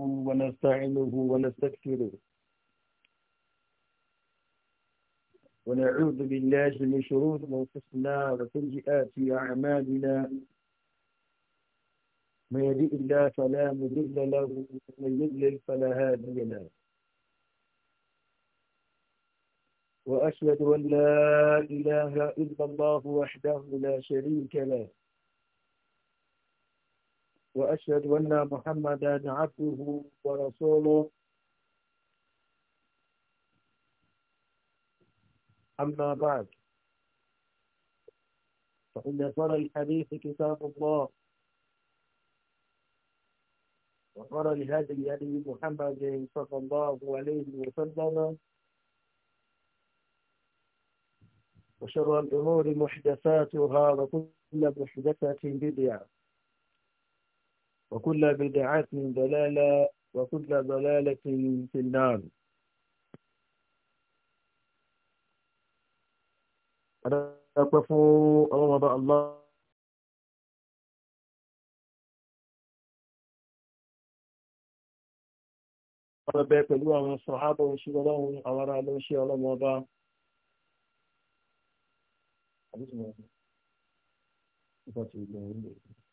ونستعينه ونستغفره ونعوذ بالله من شرور انفسنا وسيئات اعمالنا من يهدئ الله فلا مضل له ومن يضلل فلا هادي له واشهد ان لا اله الا الله وحده لا شريك له وأشهد أن محمدا عبده ورسوله أما بعد فإن صار الحديث كتاب الله وصار الهدي هدي محمد صلى الله عليه وسلم وشر الأمور محدثاتها وكل محدثة بدعة وكل بدعة ضلالة وكل ضلالة في النار أتقفوا الله وضع الله أنا بيت من الصحابة وشي الله أمر على وشي الله موضع